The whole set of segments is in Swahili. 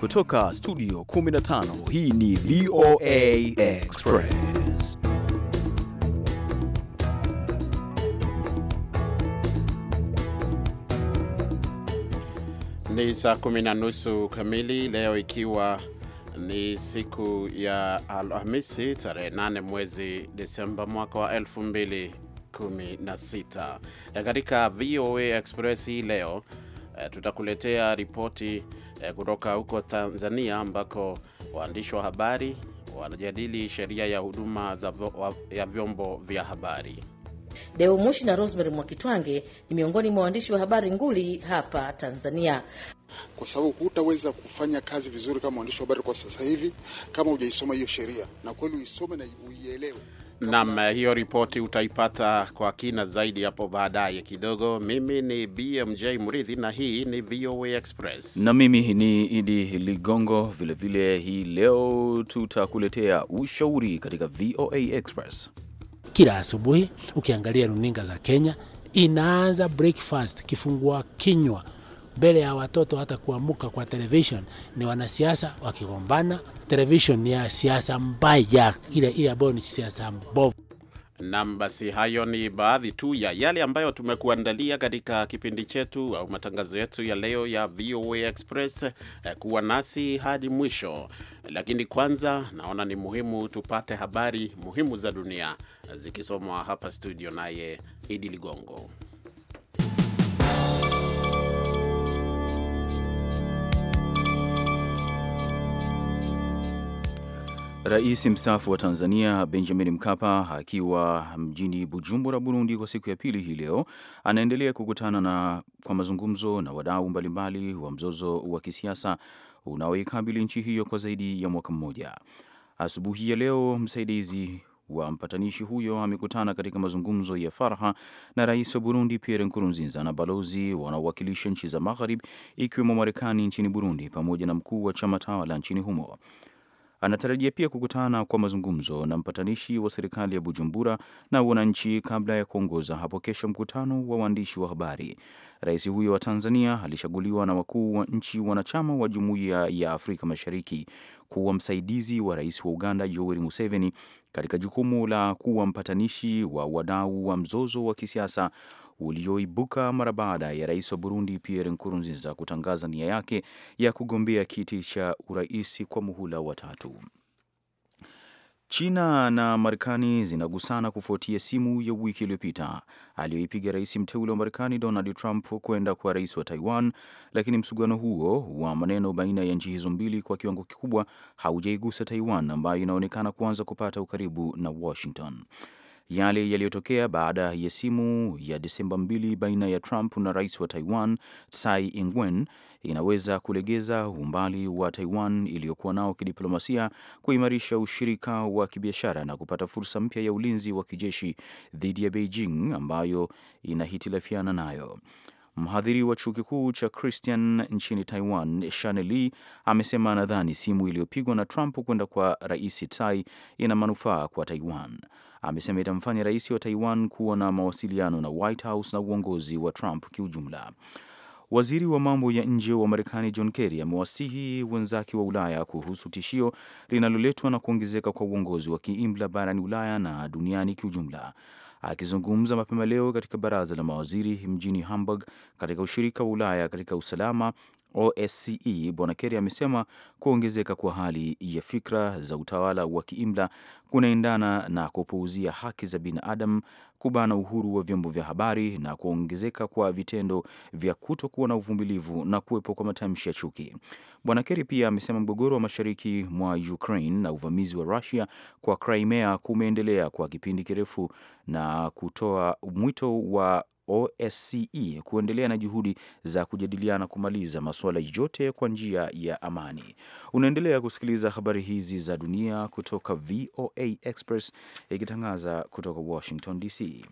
Kutoka studio 15 hii ni VOA Express. Ni saa kumi na nusu kamili leo ikiwa ni siku ya Alhamisi tarehe 8 mwezi Desemba mwaka wa 2016. E, katika VOA Express hii leo e, tutakuletea ripoti Eh, kutoka huko Tanzania ambako waandishi wa habari wanajadili sheria ya huduma za ya vyombo vya habari. Deo Mushi na Rosemary Mwakitwange ni miongoni mwa waandishi wa habari nguli hapa Tanzania, kwa sababu hutaweza kufanya kazi vizuri kama mwandishi wa habari kwa sasa hivi kama hujaisoma hiyo sheria, na kweli uisome na uielewe. Naam, eh, hiyo ripoti utaipata kwa kina zaidi hapo baadaye kidogo. Mimi ni BMJ Mridhi na hii ni VOA Express na mimi ni Idi Ligongo. Vilevile hii leo tutakuletea ushauri katika VOA Express. Kila asubuhi ukiangalia runinga za Kenya inaanza breakfast, kifungua kinywa mbele ya watoto hata kuamuka kwa television. Ni wanasiasa wakigombana, television ya siasa mbaya, kile ile ambayo ni siasa mbovu. Nam, basi hayo ni baadhi tu ya yale ambayo tumekuandalia katika kipindi chetu au matangazo yetu ya leo ya VOA Express. Eh, kuwa nasi hadi mwisho, lakini kwanza naona ni muhimu tupate habari muhimu za dunia zikisomwa hapa studio naye Idi Ligongo. Rais mstaafu wa Tanzania Benjamin Mkapa akiwa mjini Bujumbura, Burundi, kwa siku ya pili hii leo anaendelea kukutana na kwa mazungumzo na wadau mbalimbali wa mzozo wa kisiasa unaoikabili nchi hiyo kwa zaidi ya mwaka mmoja. Asubuhi ya leo msaidizi wa mpatanishi huyo amekutana katika mazungumzo ya faraha na rais wa Burundi Pierre Nkurunziza na balozi wanaowakilisha nchi za Magharibi ikiwemo Marekani nchini Burundi pamoja na mkuu wa chama tawala nchini humo. Anatarajia pia kukutana kwa mazungumzo na mpatanishi wa serikali ya Bujumbura na wananchi kabla ya kuongoza hapo kesho mkutano wa waandishi wa habari. Rais huyo wa Tanzania alichaguliwa na wakuu wa nchi wanachama wa Jumuiya ya Afrika Mashariki kuwa msaidizi wa rais wa Uganda Yoweri Museveni katika jukumu la kuwa mpatanishi wa wadau wa mzozo wa kisiasa ulioibuka mara baada ya rais wa Burundi Pierre Nkurunziza kutangaza nia yake ya kugombea kiti cha urais kwa muhula wa tatu. China na Marekani zinagusana kufuatia simu ya wiki iliyopita aliyoipiga rais mteule wa Marekani Donald Trump kwenda kwa rais wa Taiwan, lakini msuguano huo wa maneno baina ya nchi hizo mbili kwa kiwango kikubwa haujaigusa Taiwan ambayo inaonekana kuanza kupata ukaribu na Washington yale yaliyotokea baada ya simu ya Desemba mbili baina ya Trump na rais wa Taiwan Tsai Ing-wen inaweza kulegeza umbali wa Taiwan iliyokuwa nao kidiplomasia, kuimarisha ushirika wa kibiashara na kupata fursa mpya ya ulinzi wa kijeshi dhidi ya Beijing ambayo inahitilafiana nayo. Mhadhiri wa chuo kikuu cha Christian nchini Taiwan, Shaneli amesema anadhani simu iliyopigwa na Trump kwenda kwa rais Tai ina manufaa kwa Taiwan amesema itamfanya rais wa Taiwan kuwa na mawasiliano na White House na uongozi wa Trump kiujumla. Waziri wa mambo ya nje wa Marekani John Kerry amewasihi wenzake wa Ulaya kuhusu tishio linaloletwa na kuongezeka kwa uongozi wa kiimla barani Ulaya na duniani kiujumla. Akizungumza mapema leo katika baraza la mawaziri mjini Hamburg katika ushirika wa Ulaya katika usalama OSCE Bwana Kerry amesema kuongezeka kwa hali ya fikra za utawala wa kiimla kunaendana na kupuuzia haki za binadamu, kubana uhuru wa vyombo vya habari na kuongezeka kwa vitendo vya kutokuwa na uvumilivu na kuwepo kwa matamshi ya chuki. Bwana Kerry pia amesema mgogoro wa mashariki mwa Ukraine na uvamizi wa Russia kwa Crimea kumeendelea kwa kipindi kirefu na kutoa mwito wa OSCE kuendelea na juhudi za kujadiliana kumaliza masuala yote kwa njia ya amani. Unaendelea kusikiliza habari hizi za dunia kutoka VOA Express ikitangaza kutoka Washington DC.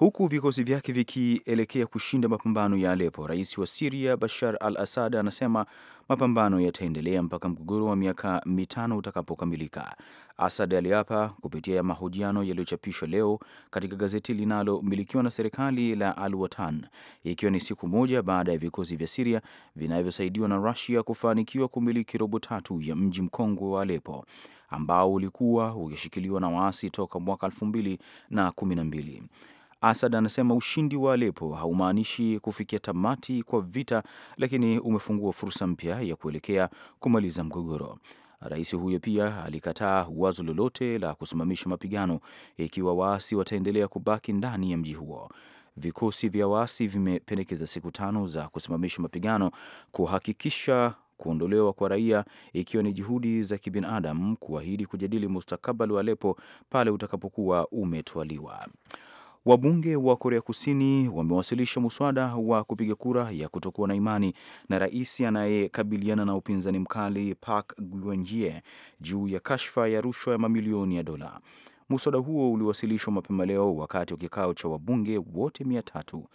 Huku vikosi vyake vikielekea kushinda mapambano ya Alepo, rais wa Siria Bashar al Assad anasema mapambano yataendelea mpaka mgogoro wa miaka mitano utakapokamilika. Asad aliapa kupitia mahojiano yaliyochapishwa leo katika gazeti linalomilikiwa na serikali la Al Watan, ikiwa ni siku moja baada ya vikosi vya Siria vinavyosaidiwa na Rusia kufanikiwa kumiliki robo tatu ya mji mkongwe wa Alepo ambao ulikuwa ukishikiliwa na waasi toka mwaka elfu mbili na kumi na mbili. Asad anasema ushindi wa Alepo haumaanishi kufikia tamati kwa vita, lakini umefungua fursa mpya ya kuelekea kumaliza mgogoro. Rais huyo pia alikataa wazo lolote la kusimamisha mapigano ikiwa waasi wataendelea kubaki ndani ya mji huo. Vikosi vya waasi vimependekeza siku tano za kusimamisha mapigano kuhakikisha kuondolewa kwa raia, ikiwa ni juhudi za kibinadamu kuahidi kujadili mustakabali wa Alepo pale utakapokuwa umetwaliwa. Wabunge wa Korea Kusini wamewasilisha muswada wa kupiga kura ya kutokuwa na imani na rais anayekabiliana na upinzani mkali Park Geun-hye juu ya kashfa ya rushwa ya mamilioni ya dola. Muswada huo uliwasilishwa mapema leo wakati wa kikao cha wabunge wote mia tatu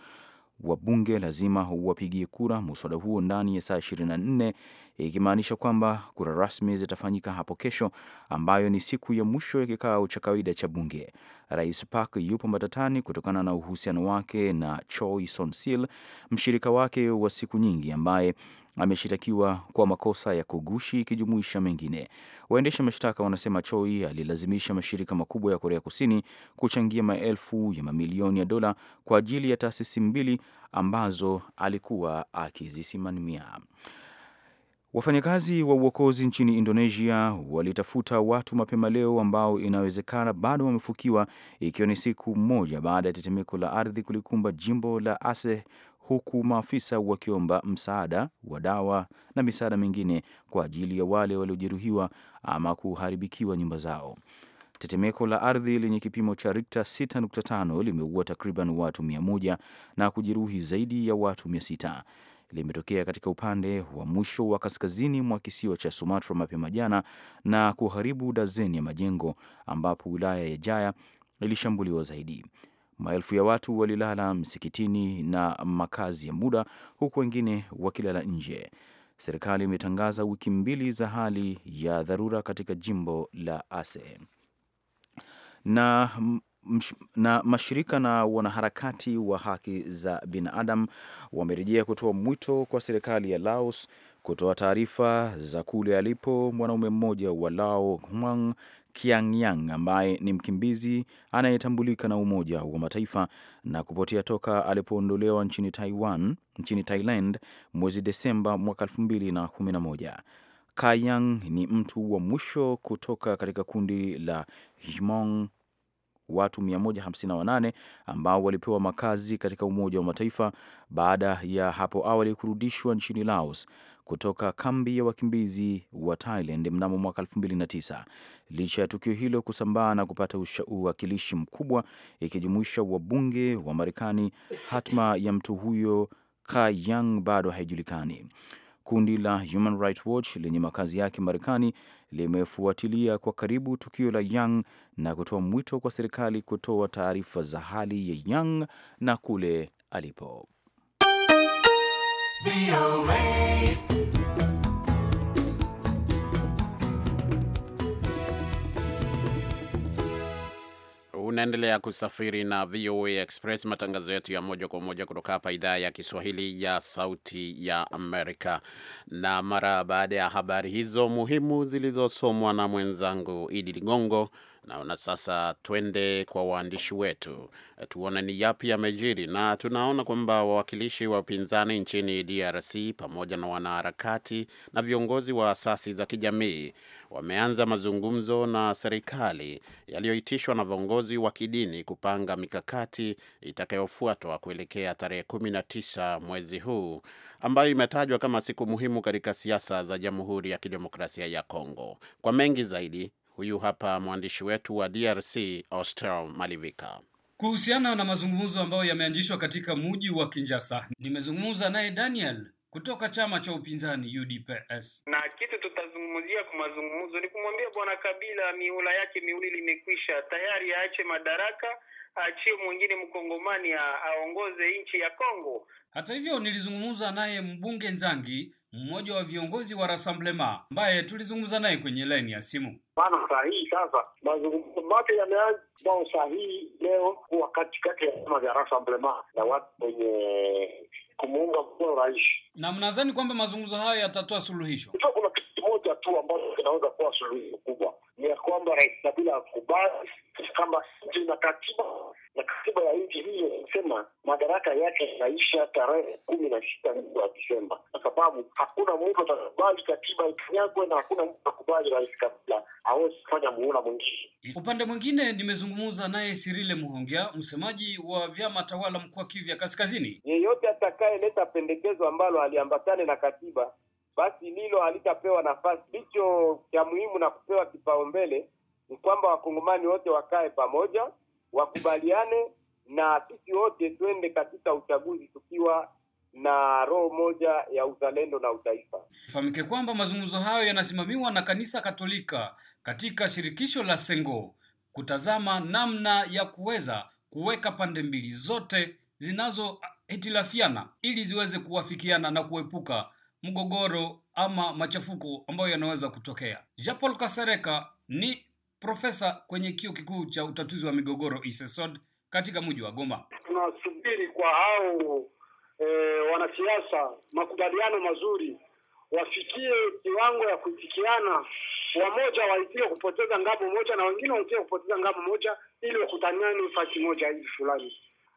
wa bunge lazima wapigie kura muswada huo ndani ya saa 24 ikimaanisha kwamba kura rasmi zitafanyika hapo kesho, ambayo ni siku ya mwisho ya kikao cha kawaida cha bunge. Rais Park yupo matatani kutokana na uhusiano wake na Choi sonsil mshirika wake wa siku nyingi ambaye ameshitakiwa kwa makosa ya kugushi ikijumuisha mengine. Waendesha mashtaka wanasema Choi alilazimisha mashirika makubwa ya Korea Kusini kuchangia maelfu ya mamilioni ya dola kwa ajili ya taasisi mbili ambazo alikuwa akizisimamia. Wafanyakazi wa uokozi nchini Indonesia walitafuta watu mapema leo ambao inawezekana bado wamefukiwa, ikiwa ni siku moja baada ya tetemeko la ardhi kulikumba jimbo la Aceh huku maafisa wakiomba msaada wa dawa na misaada mingine kwa ajili ya wale waliojeruhiwa ama kuharibikiwa nyumba zao. Tetemeko la ardhi lenye kipimo cha Rikta 6.5 limeua takriban watu 100 na kujeruhi zaidi ya watu 600. Limetokea katika upande wa mwisho wa kaskazini mwa kisiwa cha Sumatra mapema jana na kuharibu dazeni ya majengo ambapo wilaya ya Jaya ilishambuliwa zaidi. Maelfu ya watu walilala msikitini na makazi ya muda, huku wengine wakilala nje. Serikali imetangaza wiki mbili za hali ya dharura katika jimbo la Aceh na na mashirika na wanaharakati wa haki za binadamu wamerejea kutoa mwito kwa serikali ya Laos kutoa taarifa za kule alipo mwanaume mmoja wa Lao Hwang Kiangyang ambaye ni mkimbizi anayetambulika na Umoja wa Mataifa na kupotea toka alipoondolewa nchini Taiwan, nchini Thailand mwezi Desemba mwaka 2011. Kayang ni mtu wa mwisho kutoka katika kundi la Hmong watu 158 ambao walipewa makazi katika Umoja wa Mataifa baada ya hapo awali kurudishwa nchini Laos kutoka kambi ya wakimbizi wa Thailand mnamo mwaka 2009. Licha ya tukio hilo kusambaa na kupata uwakilishi mkubwa ikijumuisha wabunge wa Marekani, hatma ya mtu huyo kayang Yang bado haijulikani. Kundi la Human Rights Watch lenye makazi yake Marekani limefuatilia kwa karibu tukio la young na kutoa mwito kwa serikali kutoa taarifa za hali ya young na kule alipo. Unaendelea kusafiri na VOA Express, matangazo yetu ya moja kwa moja kutoka hapa idhaa ya Kiswahili ya Sauti ya Amerika. Na mara baada ya habari hizo muhimu zilizosomwa na mwenzangu Idi Ligongo, Naona sasa twende kwa waandishi wetu eh, tuone ni yapi yamejiri, na tunaona kwamba wawakilishi wa upinzani nchini DRC pamoja na wanaharakati na viongozi wa asasi za kijamii wameanza mazungumzo na serikali yaliyoitishwa na viongozi wa kidini kupanga mikakati itakayofuatwa kuelekea tarehe 19 mwezi huu ambayo imetajwa kama siku muhimu katika siasa za Jamhuri ya Kidemokrasia ya Kongo. Kwa mengi zaidi Huyu hapa mwandishi wetu wa DRC Austral Malivika. Kuhusiana na mazungumzo ambayo yameanzishwa katika mji wa Kinshasa, nimezungumza naye Daniel kutoka chama cha upinzani UDPS. Na kitu tutazungumzia kwa mazungumzo ni kumwambia bwana Kabila miula yake miwili imekwisha tayari, aache madaraka, aachie mwingine mkongomani aongoze nchi ya Kongo. Hata hivyo, nilizungumza naye mbunge Nzangi mmoja wa viongozi wa Rassemblement ambaye tulizungumza naye kwenye laini ya simu. Maana sahihi sasa mazungumzo mapya yameanza bao sahihi leo kuwa katikati ya chama vya Rassemblement na watu wenye kumuunga mkono rais, na mnadhani kwamba mazungumzo hayo yatatoa suluhisho? moja tu ambazo zinaweza kuwa suluhu kubwa ni ya kwamba Rais Kabila akubali kama nchi na katiba na katiba ya nchi hiyo inasema madaraka yake yanaisha tarehe kumi na sita mwezi wa Disemba, kwa sababu hakuna mtu atakubali katiba ikanyagwe na hakuna mtu atakubali Rais Kabila awezi kufanya muhula mwingine. Upande mwingine, nimezungumza naye Sirile Muhongia, msemaji wa vyama tawala mkoa Kivu ya Kaskazini. Yeyote atakayeleta pendekezo ambalo aliambatane na katiba basi lilo halitapewa nafasi. licho cha muhimu na kupewa kipaumbele ni kwamba wakongomani wote wakae pamoja, wakubaliane, na sisi wote twende katika uchaguzi tukiwa na roho moja ya uzalendo na utaifa. Ifahamike kwamba mazungumzo hayo yanasimamiwa na kanisa Katolika katika shirikisho la Sengo kutazama namna ya kuweza kuweka pande mbili zote zinazohitilafiana ili ziweze kuwafikiana na kuepuka mgogoro ama machafuko ambayo yanaweza kutokea. Jean-Paul Kasereka ni profesa kwenye kio kikuu cha utatuzi wa migogoro isesod katika mji wa Goma. Tunasubiri kwa hao e, wanasiasa makubaliano mazuri, wafikie kiwango ya kuitikiana, wamoja waitie kupoteza ngambo moja na wengine waitie kupoteza ngambo moja, ili wakutaniane fasi moja hivi fulani.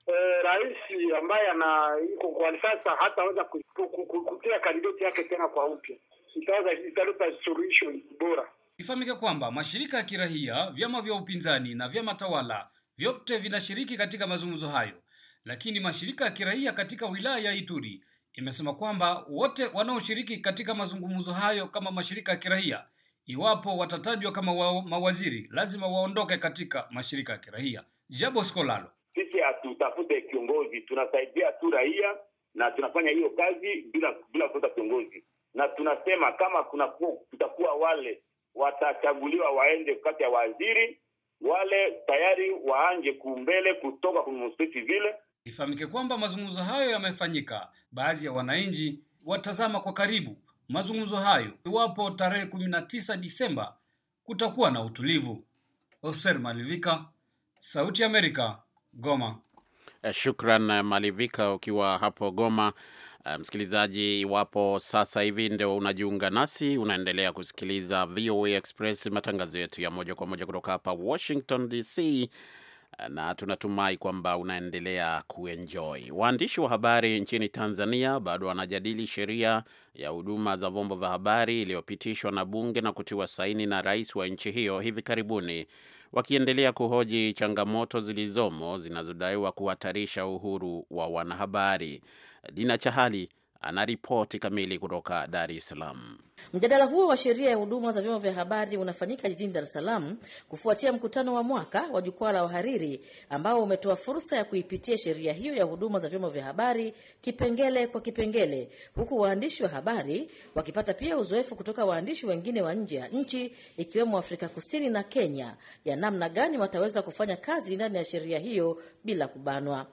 Eh, rais ambaye ana yuko kwa sasa hataweza kutia kandidati yake tena kwa upya, itaweza italeta suluhisho bora. Ifahamike kwamba mashirika ya kirahia, vyama vya upinzani na vyama tawala vyote vinashiriki katika mazungumzo hayo, lakini mashirika ya kirahia katika wilaya ya Ituri imesema kwamba wote wanaoshiriki katika mazungumzo hayo kama mashirika ya kirahia, iwapo watatajwa kama wa, mawaziri lazima waondoke katika mashirika ya kirahia, Jabo Skolalo tutafute kiongozi. Tunasaidia tu raia na tunafanya hiyo kazi bila bila kufuata kiongozi, na tunasema kama kuna kutakuwa wale watachaguliwa waende kati ya waziri wale tayari waanje kumbele kutoka kwenye msikiti vile. Ifahamike kwamba mazungumzo hayo yamefanyika, baadhi ya wananchi watazama kwa karibu mazungumzo hayo. Iwapo tarehe kumi na tisa Disemba kutakuwa na utulivu. Oser Malivika, Sauti ya Amerika, Goma. Eh, shukran eh, Malivika, ukiwa hapo Goma. Eh, msikilizaji, iwapo sasa hivi ndio unajiunga nasi, unaendelea kusikiliza VOA Express, matangazo yetu ya moja kwa moja kutoka hapa Washington DC, na tunatumai kwamba unaendelea kuenjoy. Waandishi wa habari nchini Tanzania bado wanajadili sheria ya huduma za vyombo vya habari iliyopitishwa na bunge na kutiwa saini na rais wa nchi hiyo hivi karibuni, wakiendelea kuhoji changamoto zilizomo zinazodaiwa kuhatarisha uhuru wa wanahabari. Dina Chahali anaripoti kamili kutoka Dar es Salaam. Mjadala huo wa sheria ya huduma za vyombo vya habari unafanyika jijini Dar es Salaam kufuatia mkutano wa mwaka wa jukwaa la wahariri ambao umetoa fursa ya kuipitia sheria hiyo ya huduma za vyombo vya habari kipengele kwa kipengele, huku waandishi wa habari wakipata pia uzoefu kutoka waandishi wengine wa nje ya nchi ikiwemo Afrika Kusini na Kenya ya namna gani wataweza kufanya kazi ndani ya sheria hiyo bila kubanwa.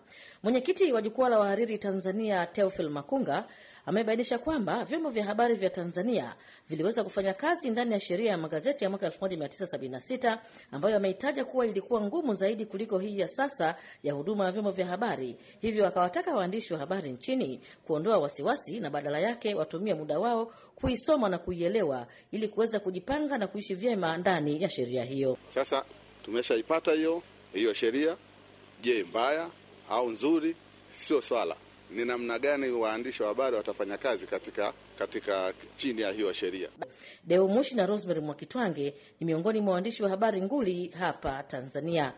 Mwenyekiti wa jukwaa la wahariri Tanzania Teofil Makunga amebainisha kwamba vyombo vya habari vya Tanzania viliweza kufanya kazi ndani ya sheria ya magazeti ya mwaka 1976 ambayo ameitaja kuwa ilikuwa ngumu zaidi kuliko hii ya sasa ya huduma ya vyombo vya habari. Hivyo akawataka waandishi wa habari nchini kuondoa wasiwasi na badala yake watumie muda wao kuisoma na kuielewa ili kuweza kujipanga na kuishi vyema ndani ya sheria hiyo. Sasa tumeshaipata hiyo hiyo sheria. Je, mbaya au nzuri, sio swala, ni namna gani waandishi wa habari watafanya kazi katika katika chini ya hiyo sheria. Deo Mushi na Rosemary Mwakitwange ni miongoni mwa waandishi wa habari nguli hapa Tanzania,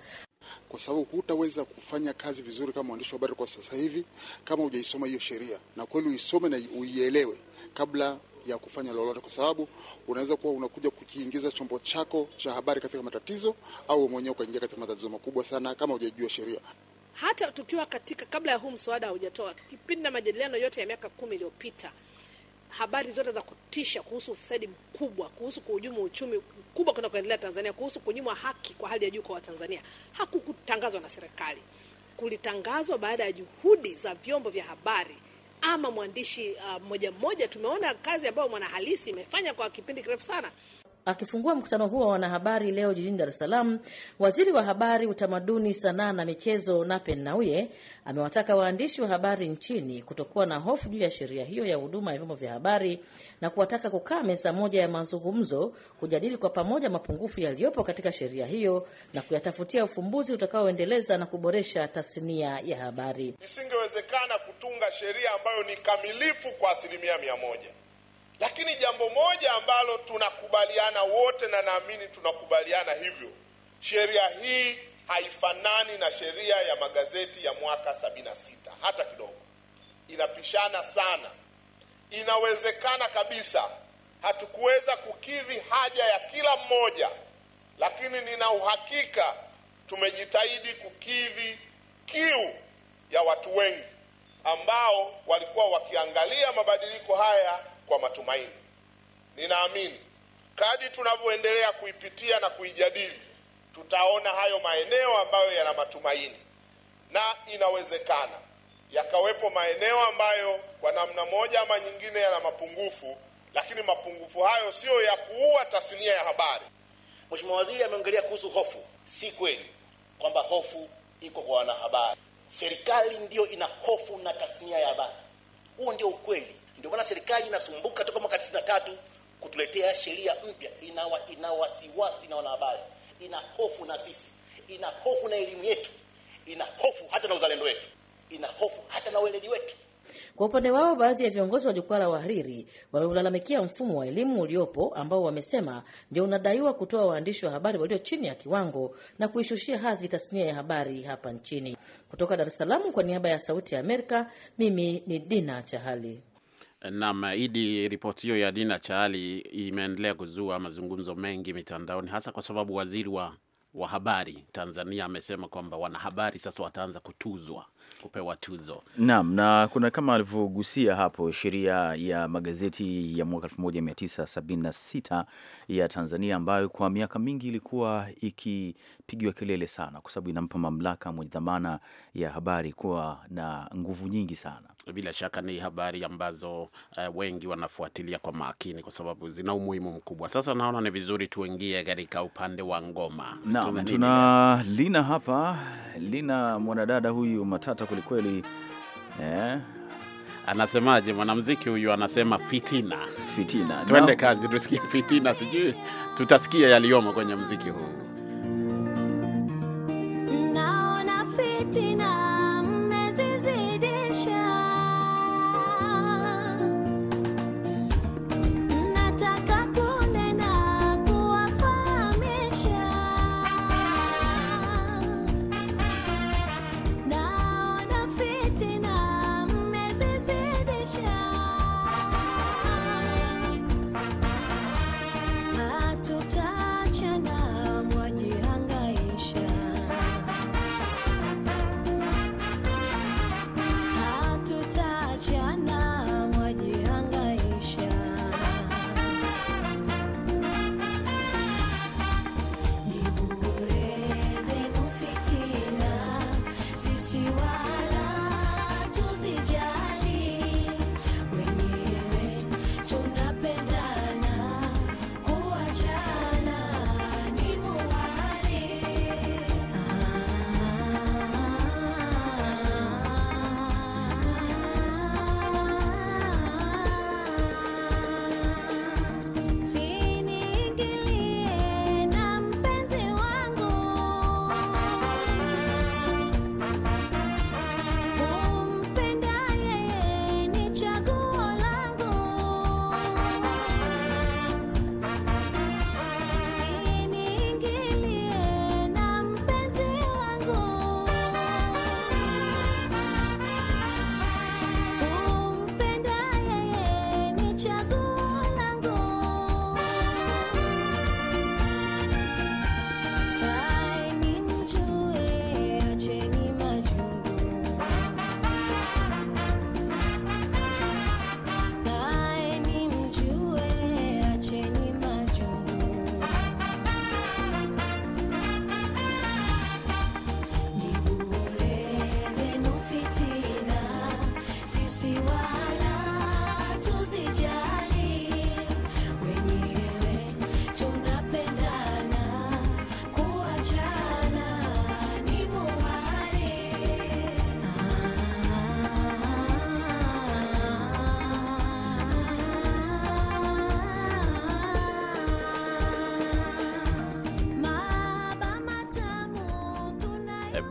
kwa sababu hutaweza kufanya kazi vizuri kama mwandishi wa habari kwa sasa hivi kama hujaisoma hiyo sheria, na kweli uisome na uielewe kabla ya kufanya lolote, kwa sababu unaweza kuwa unakuja kukiingiza chombo chako cha habari katika matatizo, au mwenyewe ukaingia katika matatizo makubwa sana kama hujajua sheria hata tukiwa katika kabla ya huu mswada haujatoa, kipindi na majadiliano yote ya miaka kumi iliyopita, habari zote za kutisha kuhusu ufisadi mkubwa, kuhusu kuhujumu uchumi mkubwa kunakoendelea Tanzania, kuhusu kunyimwa haki kwa hali ya juu kwa Watanzania hakukutangazwa na serikali. Kulitangazwa baada ya juhudi za vyombo vya habari ama mwandishi uh, mmoja mmoja. Tumeona kazi ambayo Mwanahalisi imefanya kwa kipindi kirefu sana. Akifungua mkutano huo wa wanahabari leo jijini Dar es Salaam, waziri wa habari, utamaduni, sanaa na michezo Nape Nnauye amewataka waandishi wa habari nchini kutokuwa na hofu juu ya sheria hiyo ya huduma ya vyombo vya habari na kuwataka kukaa meza moja ya mazungumzo kujadili kwa pamoja mapungufu yaliyopo katika sheria hiyo na kuyatafutia ufumbuzi utakaoendeleza na kuboresha tasnia ya habari. Isingewezekana kutunga sheria ambayo ni kamilifu kwa asilimia mia moja lakini jambo moja ambalo tunakubaliana wote, na naamini tunakubaliana hivyo, sheria hii haifanani na sheria ya magazeti ya mwaka sabini na sita hata kidogo, inapishana sana. Inawezekana kabisa hatukuweza kukidhi haja ya kila mmoja, lakini nina uhakika tumejitahidi kukidhi kiu ya watu wengi ambao walikuwa wakiangalia mabadiliko haya kwa matumaini. Ninaamini kadi tunavyoendelea kuipitia na kuijadili, tutaona hayo maeneo ambayo yana matumaini, na inawezekana yakawepo maeneo ambayo kwa namna moja ama nyingine yana mapungufu, lakini mapungufu hayo siyo ya kuua tasnia ya habari. Mheshimiwa Waziri ameongelea kuhusu hofu. Si kweli kwamba hofu iko kwa wanahabari. Serikali ndiyo ina hofu na tasnia ya habari, huo ndio ukweli. Ndio maana serikali inasumbuka toka mwaka tatu kutuletea sheria mpya. Inawa, ina wasiwasi na wanahabari, ina hofu na sisi, ina hofu na elimu yetu, ina hofu hata na uzalendo wetu, ina hofu hata na ueledi wetu. Kwa upande wao baadhi ya viongozi wa jukwaa la wahariri wameulalamikia mfumo wa elimu uliopo ambao wamesema ndio unadaiwa kutoa waandishi wa habari walio chini ya kiwango na kuishushia hadhi tasnia ya habari hapa nchini. Kutoka Dar es Salaam, kwa niaba ya Sauti ya Amerika, mimi ni Dina Chahali. Naam, Idi, ripoti hiyo ya Dina chaali imeendelea kuzua mazungumzo mengi mitandaoni, hasa kwa sababu waziri wa wa habari Tanzania amesema kwamba wanahabari sasa wataanza kutuzwa kupewa tuzo. Naam, na kuna kama alivyogusia hapo, sheria ya magazeti ya mwaka 1976 ya Tanzania ambayo kwa miaka mingi ilikuwa ikipigiwa kelele sana, kwa sababu inampa mamlaka mwenye dhamana ya habari kuwa na nguvu nyingi sana. Bila shaka ni habari ambazo uh, wengi wanafuatilia kwa makini, kwa sababu zina umuhimu mkubwa. Sasa naona ni vizuri tuingie katika upande wa ngoma. Naam, tuna Lina hapa, Lina mwanadada huyu matatu anafuata kwelikweli eh. Anasemaje mwanamuziki huyu? Anasema fitina, fitina. Twende no. kazi tusikie fitina, sijui tutasikia yaliyomo kwenye muziki huu.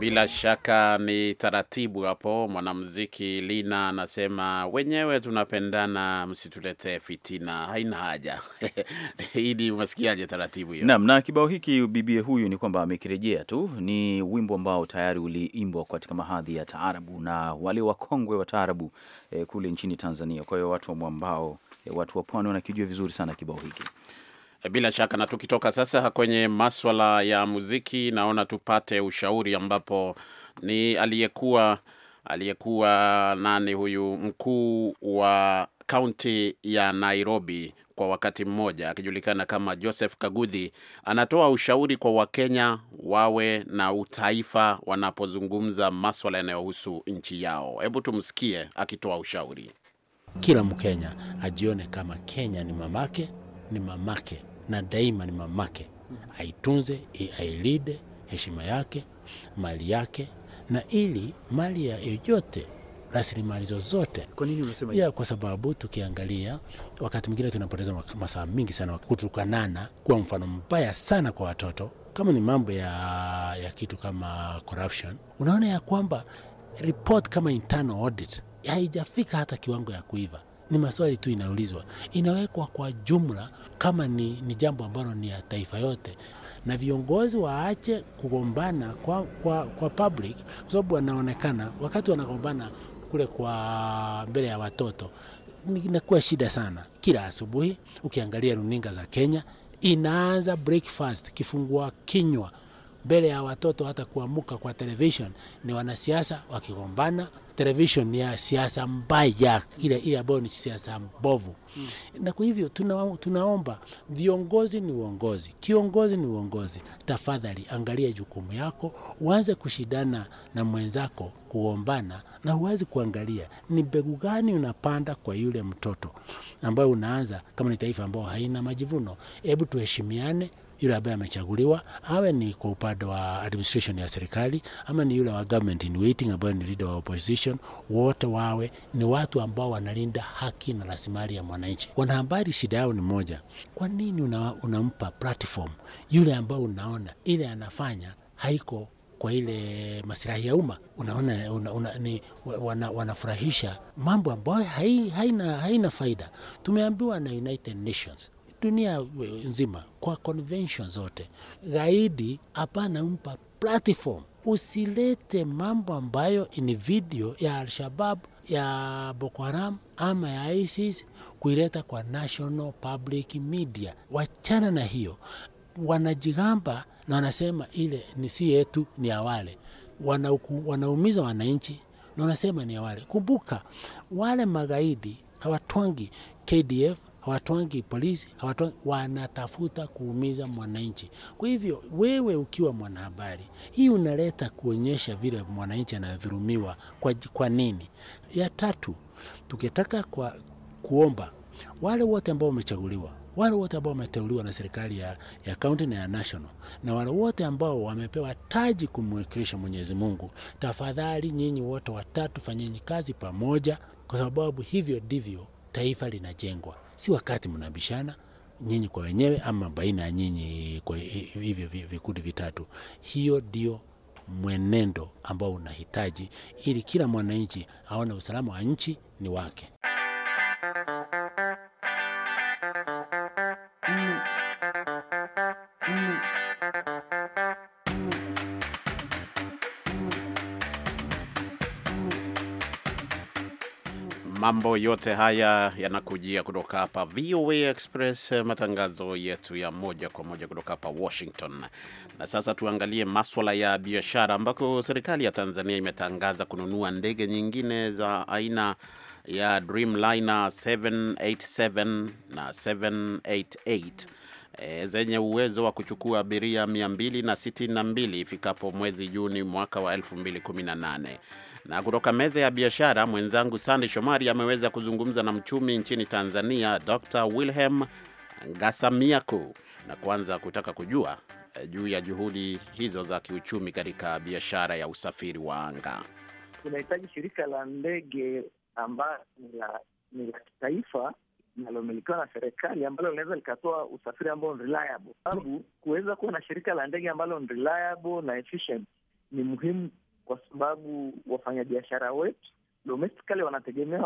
Bila shaka ni taratibu hapo. Mwanamuziki Lina anasema wenyewe tunapendana, msituletee fitina, haina haja Idi, umesikiaje taratibu hiyo? Naam, na kibao hiki bibie huyu ni kwamba amekirejea tu, ni wimbo ambao tayari uliimbwa katika mahadhi ya taarabu na wale wakongwe wa taarabu eh, kule nchini Tanzania. Kwa hiyo watu mwambao eh, watu wa pwani wanakijua vizuri sana kibao hiki. Eh, bila shaka na tukitoka sasa kwenye maswala ya muziki, naona tupate ushauri ambapo ni aliyekuwa aliyekuwa nani huyu mkuu wa kaunti ya Nairobi kwa wakati mmoja akijulikana kama Joseph Kaguthi anatoa ushauri kwa Wakenya wawe na utaifa wanapozungumza maswala yanayohusu nchi yao. Hebu tumsikie akitoa ushauri. Kila Mkenya ajione kama Kenya ni mamake ni mamake na daima ni mamake. Aitunze, ailide heshima yake, mali yake, na ili mali ya yoyote rasilimali zozote. Kwa nini unasema hivyo? Kwa sababu tukiangalia, wakati mwingine tunapoteza masaa mingi sana kutukanana, kuwa mfano mbaya sana kwa watoto, kama ni mambo ya, ya kitu kama corruption. Unaona ya kwamba report kama internal audit haijafika hata kiwango ya kuiva ni maswali tu inaulizwa, inawekwa kwa jumla kama ni, ni jambo ambalo ni ya taifa yote, na viongozi waache kugombana kwa, kwa, kwa public, kwa sababu wanaonekana wakati wanagombana kule kwa mbele ya watoto inakuwa shida sana. Kila asubuhi ukiangalia runinga za Kenya inaanza breakfast, kifungua kinywa mbele ya watoto hata kuamuka kwa television. Ni wanasiasa wakigombana, television ya siasa mbaya, kile ile ambayo ni siasa mbovu mm. Na kwa hivyo tuna, tunaomba viongozi ni uongozi, kiongozi ni uongozi. Tafadhali angalia jukumu yako, uanze kushindana na mwenzako kuombana, na uwezi kuangalia ni mbegu gani unapanda kwa yule mtoto ambayo unaanza. Kama ni taifa ambayo haina majivuno, hebu tuheshimiane yule ambaye amechaguliwa awe ni kwa upande wa administration ya serikali ama ni yule wa government in waiting ambaye ni leader wa opposition, wote wawe ni watu ambao wanalinda haki na rasilimali ya mwananchi. Wanahabari shida yao ni moja, kwa nini una, unampa platform yule ambao unaona ile anafanya haiko kwa ile masilahi ya umma unaona una, una, ni, wana, wanafurahisha mambo ambayo haina, haina faida. Tumeambiwa na United Nations dunia nzima kwa convention zote. Gaidi hapana mpa platform, usilete mambo ambayo ni video ya alshabab ya Boko Haram ama ya ISIS kuileta kwa national public media. Wachana na hiyo, wanajigamba na wanasema ile ni si yetu, ni ya wale. Wanaumiza wananchi na wanasema ni ya wale. Kumbuka wale magaidi hawatwangi KDF hawatwangi polisi, hawatwangi, wanatafuta kuumiza mwananchi. Kwa hivyo wewe ukiwa mwanahabari, hii unaleta kuonyesha vile mwananchi anadhulumiwa kwa, kwa nini. Ya tatu tukitaka kwa kuomba wale wote ambao wamechaguliwa wale wote ambao wameteuliwa na serikali ya, ya county na ya national na wale wote ambao wamepewa taji kumwakilisha Mwenyezi Mungu, tafadhali nyinyi wote watatu fanyeni kazi pamoja, kwa sababu hivyo ndivyo taifa linajengwa si wakati mnabishana nyinyi kwa wenyewe ama baina ya nyinyi kwa hivyo vikundi vitatu. Hiyo ndio mwenendo ambao unahitaji ili kila mwananchi aone usalama wa nchi ni wake. Mambo yote haya yanakujia kutoka hapa VOA Express, eh, matangazo yetu ya moja kwa moja kutoka hapa Washington. Na sasa tuangalie maswala ya biashara, ambako serikali ya Tanzania imetangaza kununua ndege nyingine za aina ya Dreamliner 787 na 788 e, eh, zenye uwezo wa kuchukua abiria 262 ifikapo mwezi Juni mwaka wa 2018. Na kutoka meza ya biashara, mwenzangu Sande Shomari ameweza kuzungumza na mchumi nchini Tanzania, Dr Wilhelm Gasamiaku, na kuanza kutaka kujua eh, juu ya juhudi hizo za kiuchumi katika biashara ya usafiri wa anga. Tunahitaji shirika la ndege ambalo ni la kitaifa linalomilikiwa na serikali ambalo linaweza likatoa usafiri ambao ni reliable, sababu kuweza kuwa na shirika la ndege ambalo ni reliable na efficient ni muhimu kwa sababu wafanyabiashara wetu domestically wanategemea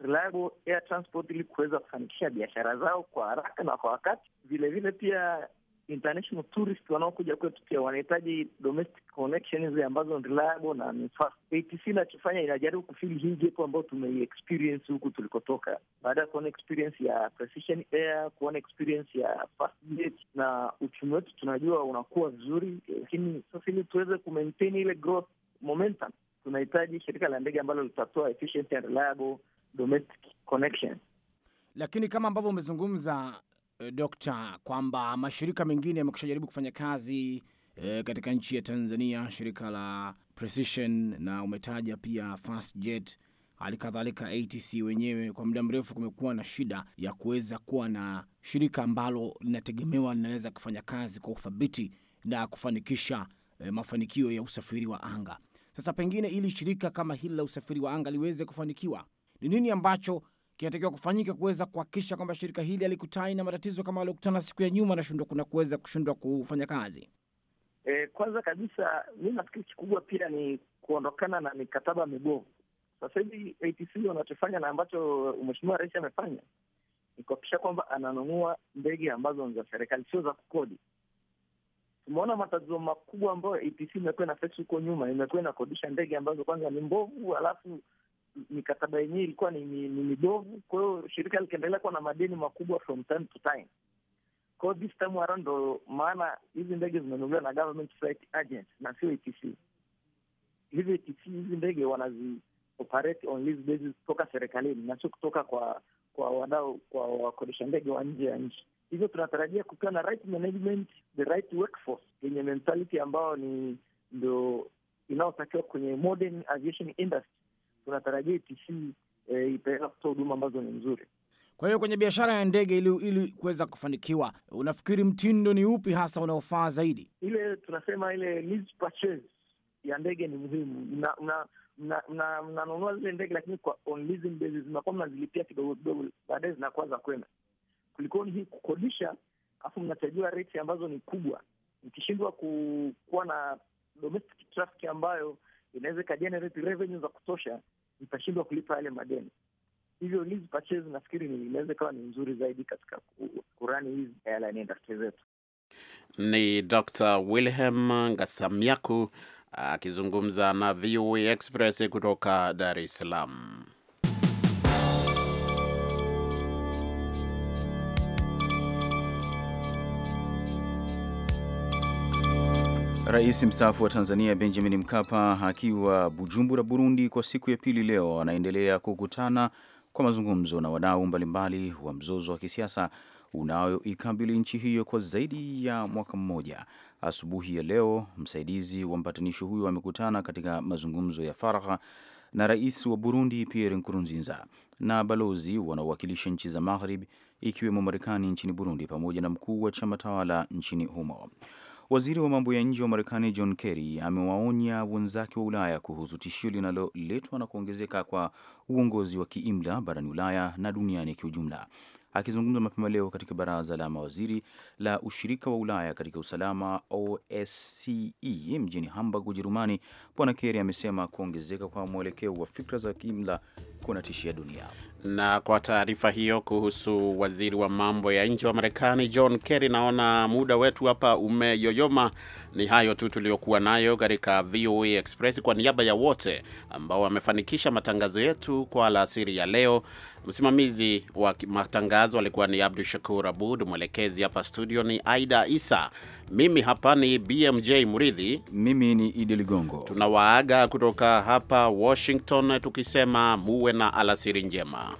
reliable air transport ili kuweza kufanikisha biashara zao kwa haraka na kwa wakati. Vilevile pia international tourist wanaokuja kwetu pia wanahitaji domestic connections ambazo ni reliable na ni fast. ATC inachofanya inajaribu kufili hii gap ambayo tumeiexperience huku tulikotoka, baada ya kuona experience ya precision air, kuona experience ya fast jet, na uchumi wetu tunajua unakuwa vizuri, lakini sasa ili tuweze kumaintain ile growth momentum. Tunahitaji shirika la ndege ambalo litatoa and reliable domestic connection. Lakini kama ambavyo umezungumza eh, Dokta, kwamba mashirika mengine yamekusha jaribu kufanya kazi e, katika nchi ya Tanzania, shirika la Precision na umetaja pia Fastjet, hali kadhalika ATC wenyewe. Kwa muda mrefu kumekuwa na shida ya kuweza kuwa na shirika ambalo linategemewa linaweza kufanya kazi kwa uthabiti na kufanikisha e, mafanikio ya usafiri wa anga. Sasa pengine, ili shirika kama hili la usafiri wa anga liweze kufanikiwa, ni nini ambacho kinatakiwa kufanyika kuweza kuhakikisha kwamba shirika hili alikutai na matatizo kama aliokutana siku ya nyuma nashindwa kuna kuweza kushindwa kufanya kazi? E, kwanza kabisa mi nafikiri kikubwa pia ni kuondokana na mikataba mibovu. Sasa hivi ATC wanachofanya na ambacho mheshimiwa rais amefanya ni kuhakikisha kwamba ananunua ndege ambazo ni za serikali, sio za kukodi tumeona matatizo makubwa ambayo ATC imekuwa ina fesi huko nyuma, imekuwa inakodisha ndege ambazo kwanza ni mbovu, alafu mikataba yenyewe ilikuwa ni mibovu. Kwa hiyo shirika likaendelea kuwa na madeni makubwa from time to time. Kwa hiyo this time around ndo maana hizi ndege zimenunuliwa na government flight agent na sio ATC. Hizi ATC hizi ndege wanazi operate on lease basis kutoka serikalini na sio kutoka kwa kwa wadau kwa wakodesha ndege wa nje ya nchi. Hivyo tunatarajia kukiwa na right management, the right workforce yenye mentality ambayo ni ndo inayotakiwa kwenye modern aviation industry. Tunatarajia e TC eh, itaweza kutoa huduma ambazo ni nzuri. Kwa hiyo kwenye biashara ya ndege ili, ili kuweza kufanikiwa, unafikiri mtindo ni upi hasa unaofaa zaidi? Ile tunasema ile lease purchase ya ndege ni muhimu. Mnanunua mna, mna, mna, mna zile ndege, lakini kwa on leasing basis, mnakuwa mnazilipia kidogo kidogo, baadaye zinakuwa za kwenda kulikoni hii kukodisha, alafu mnachajua reti ambazo ni kubwa, mkishindwa kuwa na domestic traffic ambayo inaweza ikajenerate revenue za kutosha, mtashindwa kulipa yale madeni. Hivyo lease purchase nafikiri inaweza ikawa ni nzuri zaidi katika kurani hizi airline industry zetu. Ni Dr. Wilhelm Ngasamyaku akizungumza na VOA Express kutoka Dar es Salaam. Rais mstaafu wa Tanzania Benjamin Mkapa akiwa Bujumbura, Burundi, kwa siku ya pili leo anaendelea kukutana kwa mazungumzo na wadau mbalimbali wa mzozo wa kisiasa unaoikabili nchi hiyo kwa zaidi ya mwaka mmoja. Asubuhi ya leo, msaidizi wa mpatanishi huyo amekutana katika mazungumzo ya faragha na rais wa Burundi Pierre Nkurunziza na balozi wanaowakilisha nchi za maghrib ikiwemo Marekani nchini Burundi pamoja na mkuu wa chama tawala nchini humo. Waziri wa mambo ya nje wa Marekani John Kerry amewaonya wenzake wa Ulaya kuhusu tishio linaloletwa na kuongezeka kwa uongozi wa kiimla barani Ulaya na duniani kiujumla. Akizungumza mapema leo katika baraza la mawaziri la ushirika wa Ulaya katika usalama OSCE mjini Hamburg, Ujerumani, Bwana Kerry amesema kuongezeka kwa mwelekeo wa fikra za kiimla kunatishia dunia. Na kwa taarifa hiyo kuhusu waziri wa mambo ya nje wa Marekani John Kerry, naona muda wetu hapa umeyoyoma. Ni hayo tu tuliyokuwa nayo katika VOA Express. Kwa niaba ya wote ambao wamefanikisha matangazo yetu kwa alasiri ya leo, Msimamizi wa matangazo alikuwa ni Abdu Shakur Abud, mwelekezi hapa studio ni Aida Isa, mimi hapa ni BMJ Muridhi, mimi ni Idi Ligongo. Tunawaaga kutoka hapa Washington tukisema muwe na alasiri njema.